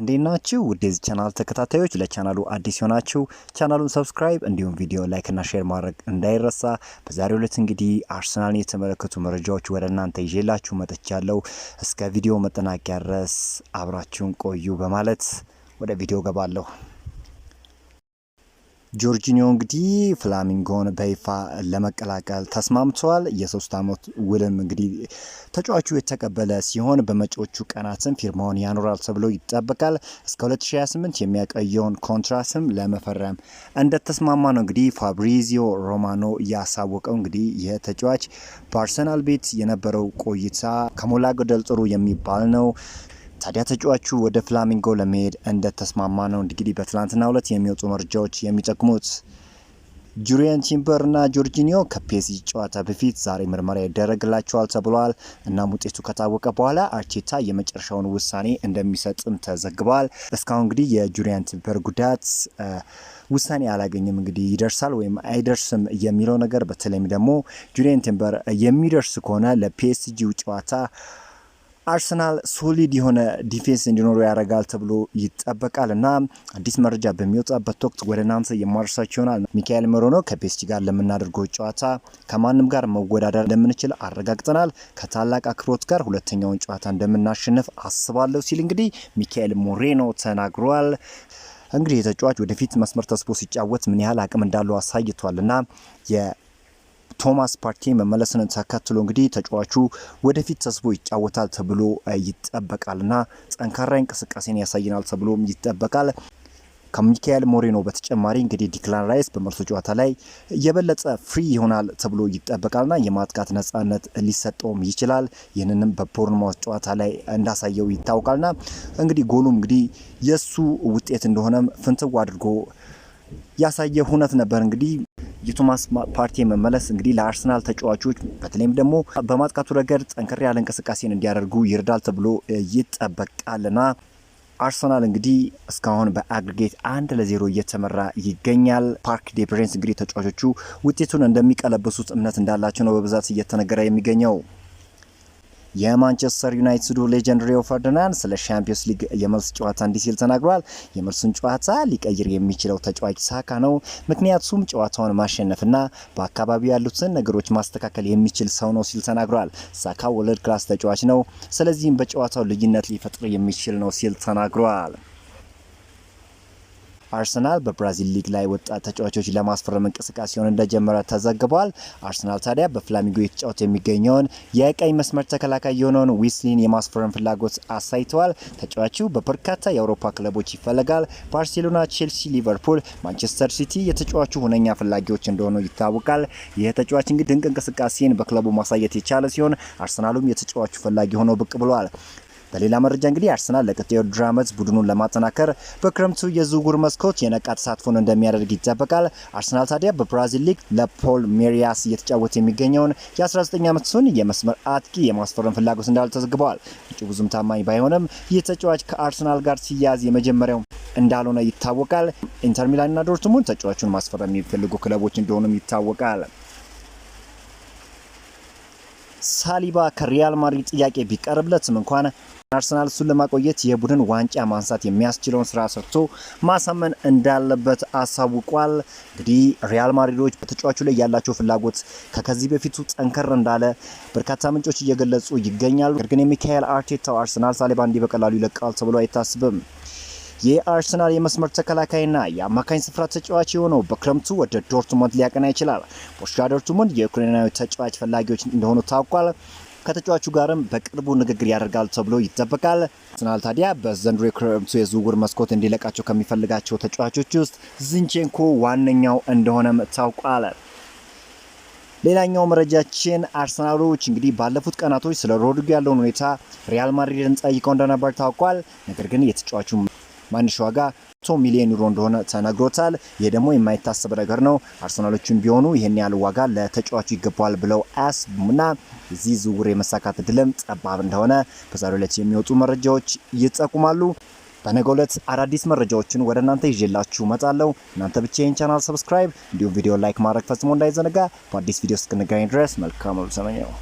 እንዴት ናችሁ? ውዴዝ ቻናል ተከታታዮች፣ ለቻናሉ አዲስ ሆናችሁ ቻናሉን ሰብስክራይብ እንዲሁም ቪዲዮ ላይክ እና ሼር ማድረግ እንዳይረሳ። በዛሬው ዕለት እንግዲህ አርሰናልን የተመለከቱ መረጃዎች ወደ እናንተ ይዤላችሁ መጥቻለሁ። እስከ ቪዲዮ መጠናቂያ ድረስ አብራችሁን ቆዩ በማለት ወደ ቪዲዮ ገባለሁ። ጆርጂኒዮ እንግዲህ ፍላሚንጎን በይፋ ለመቀላቀል ተስማምተዋል። የሶስት ዓመት ውልም እንግዲህ ተጫዋቹ የተቀበለ ሲሆን በመጪዎቹ ቀናትም ፊርማውን ያኖራል ተብሎ ይጠበቃል። እስከ 2028 የሚያቀየውን ኮንትራትም ለመፈረም እንደተስማማ ነው እንግዲህ ፋብሪዚዮ ሮማኖ ያሳወቀው። እንግዲህ ይህ ተጫዋች በአርሰናል ቤት የነበረው ቆይታ ከሞላ ጎደል ጥሩ የሚባል ነው። ታዲያ ተጫዋቹ ወደ ፍላሚንጎ ለመሄድ እንደተስማማ ነው እንግዲህ በትላንትናው ዕለት የሚወጡ መረጃዎች የሚጠቁሙት። ጁሪያን ቲምበር እና ጆርጂኒዮ ከፔሲ ጨዋታ በፊት ዛሬ ምርመራ ይደረግላቸዋል ተብሏል። እናም ውጤቱ ከታወቀ በኋላ አርቴታ የመጨረሻውን ውሳኔ እንደሚሰጥም ተዘግቧል። እስካሁን እንግዲህ የጁሪያን ቲምበር ጉዳት ውሳኔ አላገኝም። እንግዲህ ይደርሳል ወይም አይደርስም የሚለው ነገር በተለይም ደግሞ ጁሪያን ቲምበር የሚደርስ ከሆነ ለፒኤስጂው ጨዋታ አርሰናል ሶሊድ የሆነ ዲፌንስ እንዲኖሩ ያደርጋል ተብሎ ይጠበቃል እና አዲስ መረጃ በሚወጣበት ወቅት ወደ እናንተ የማድረሳችሁ ይሆናል። ሚካኤል ሜሪኖ ከፔስቲ ጋር ለምናደርገው ጨዋታ ከማንም ጋር መወዳደር እንደምንችል አረጋግጠናል። ከታላቅ አክብሮት ጋር ሁለተኛውን ጨዋታ እንደምናሸንፍ አስባለሁ ሲል እንግዲህ ሚካኤል ሞሬኖ ተናግሯል። እንግዲህ የተጫዋች ወደፊት መስመር ተስቦ ሲጫወት ምን ያህል አቅም እንዳለው አሳይቷል እና ቶማስ ፓርቲ መመለስን ተከትሎ እንግዲህ ተጫዋቹ ወደፊት ተስቦ ይጫወታል ተብሎ ይጠበቃልና ጠንካራ እንቅስቃሴን ያሳየናል ተብሎ ይጠበቃል። ከሚካኤል ሞሬኖ በተጨማሪ እንግዲህ ዲክላን ራይስ በመልሶ ጨዋታ ላይ የበለጠ ፍሪ ይሆናል ተብሎ ይጠበቃልና የማጥቃት ነጻነት ሊሰጠውም ይችላል። ይህንንም በቦርንማውዝ ጨዋታ ላይ እንዳሳየው ይታወቃልና እንግዲህ ጎሉም እንግዲህ የእሱ ውጤት እንደሆነም ፍንትው አድርጎ ያሳየ ሁነት ነበር እንግዲህ የቶማስ ፓርቲ መመለስ እንግዲህ ለአርሰናል ተጫዋቾች በተለይም ደግሞ በማጥቃቱ ረገድ ጠንከር ያለ እንቅስቃሴን እንዲያደርጉ ይረዳል ተብሎ ይጠበቃልና አርሰናል እንግዲህ እስካሁን በአግሪጌት አንድ ለዜሮ እየተመራ ይገኛል። ፓርክ ዴ እንግዲህ ተጫዋቾቹ ውጤቱን እንደሚቀለብሱት እምነት እንዳላቸው ነው በብዛት እየተነገረ የሚገኘው። የማንቸስተር ዩናይትዱ ሌጀንድ ሪዮ ፈርዲናንድ ስለ ሻምፒዮንስ ሊግ የመልስ ጨዋታ እንዲህ ሲል ተናግሯል። የመልሱን ጨዋታ ሊቀይር የሚችለው ተጫዋች ሳካ ነው። ምክንያቱም ጨዋታውን ማሸነፍና በአካባቢው ያሉትን ነገሮች ማስተካከል የሚችል ሰው ነው ሲል ተናግሯል። ሳካ ወርልድ ክላስ ተጫዋች ነው። ስለዚህም በጨዋታው ልዩነት ሊፈጥር የሚችል ነው ሲል ተናግሯል። አርሰናል በብራዚል ሊግ ላይ ወጣት ተጫዋቾች ለማስፈረም እንቅስቃሴውን እንደጀመረ ተዘግቧል። አርሰናል ታዲያ በፍላሚንጎ የተጫወተ የሚገኘውን የቀኝ መስመር ተከላካይ የሆነውን ዊስሊን የማስፈረም ፍላጎት አሳይተዋል። ተጫዋቹ በበርካታ የአውሮፓ ክለቦች ይፈለጋል። ባርሴሎና፣ ቼልሲ፣ ሊቨርፑል፣ ማንቸስተር ሲቲ የተጫዋቹ ሁነኛ ፈላጊዎች እንደሆኑ ይታወቃል። ይህ ተጫዋች እንግዲህ ድንቅ እንቅስቃሴን በክለቡ ማሳየት የቻለ ሲሆን አርሰናሉም የተጫዋቹ ፈላጊ ሆኖ ብቅ ብሏል። በሌላ መረጃ እንግዲህ አርሰናል ለቀጣዩ የውድድር ዓመት ቡድኑን ለማጠናከር በክረምቱ የዝውውር መስኮት የነቃ ተሳትፎን እንደሚያደርግ ይጠበቃል። አርሰናል ታዲያ በብራዚል ሊግ ለፖል ሜሪያስ እየተጫወተ የሚገኘውን የ19 ዓመት ሲሆን የመስመር አጥቂ የማስፈረም ፍላጎት እንዳለ ተዘግበዋል። እጩ ብዙም ታማኝ ባይሆንም ይህ ተጫዋች ከአርሰናል ጋር ሲያዝ የመጀመሪያው እንዳልሆነ ይታወቃል። ኢንተር ሚላንና ዶርትሙንድ ተጫዋቹን ማስፈረም የሚፈልጉ ክለቦች እንደሆኑም ይታወቃል። ሳሊባ ከሪያል ማድሪድ ጥያቄ ቢቀርብለትም እንኳን አርሰናል እሱን ለማቆየት የቡድን ዋንጫ ማንሳት የሚያስችለውን ስራ ሰርቶ ማሳመን እንዳለበት አሳውቋል። እንግዲህ ሪያል ማድሪዶች በተጫዋቹ ላይ ያላቸው ፍላጎት ከከዚህ በፊቱ ጠንከር እንዳለ በርካታ ምንጮች እየገለጹ ይገኛሉ። ነገር ግን የሚካኤል አርቴታው አርሰናል ሳሊባ እንዲህ በቀላሉ ይለቃል ተብሎ አይታስብም። የአርሰናል የመስመር ተከላካይና የአማካኝ ስፍራ ተጫዋች የሆነው በክረምቱ ወደ ዶርትሞንድ ሊያቀና ይችላል። ቦሩሲያ ዶርትሞንድ የዩክሬናዊ ተጫዋች ፈላጊዎች እንደሆኑ ታውቋል። ከተጫዋቹ ጋርም በቅርቡ ንግግር ያደርጋል ተብሎ ይጠበቃል። አርሰናል ታዲያ በዘንድሮ የክረምቱ የዝውውር መስኮት እንዲለቃቸው ከሚፈልጋቸው ተጫዋቾች ውስጥ ዝንቼንኮ ዋነኛው እንደሆነም ታውቋል። ሌላኛው መረጃችን አርሰናሎች እንግዲህ ባለፉት ቀናቶች ስለ ሮድሪጎ ያለውን ሁኔታ ሪያል ማድሪድን ጠይቀው እንደነበር ታውቋል። ነገር ግን የተጫዋቹ ማንሽ ዋጋ መቶ ሚሊዮን ዩሮ እንደሆነ ተነግሮታል። ይህ ደግሞ የማይታሰብ ነገር ነው። አርሰናሎችም ቢሆኑ ይህን ያህል ዋጋ ለተጫዋቹ ይገባዋል ብለው አያስቡምና እዚህ ዝውውር የመሳካት እድልም ጠባብ እንደሆነ በዛሬው ዕለት የሚወጡ መረጃዎች ይጠቁማሉ። በነገው ዕለት አዳዲስ መረጃዎችን ወደ እናንተ ይዤላችሁ እመጣለሁ። እናንተ ብቻ ይህን ቻናል ሰብስክራይብ፣ እንዲሁም ቪዲዮ ላይክ ማድረግ ፈጽሞ እንዳይዘነጋ። በአዲስ ቪዲዮ እስክንገናኝ ድረስ መልካም ሰመኛው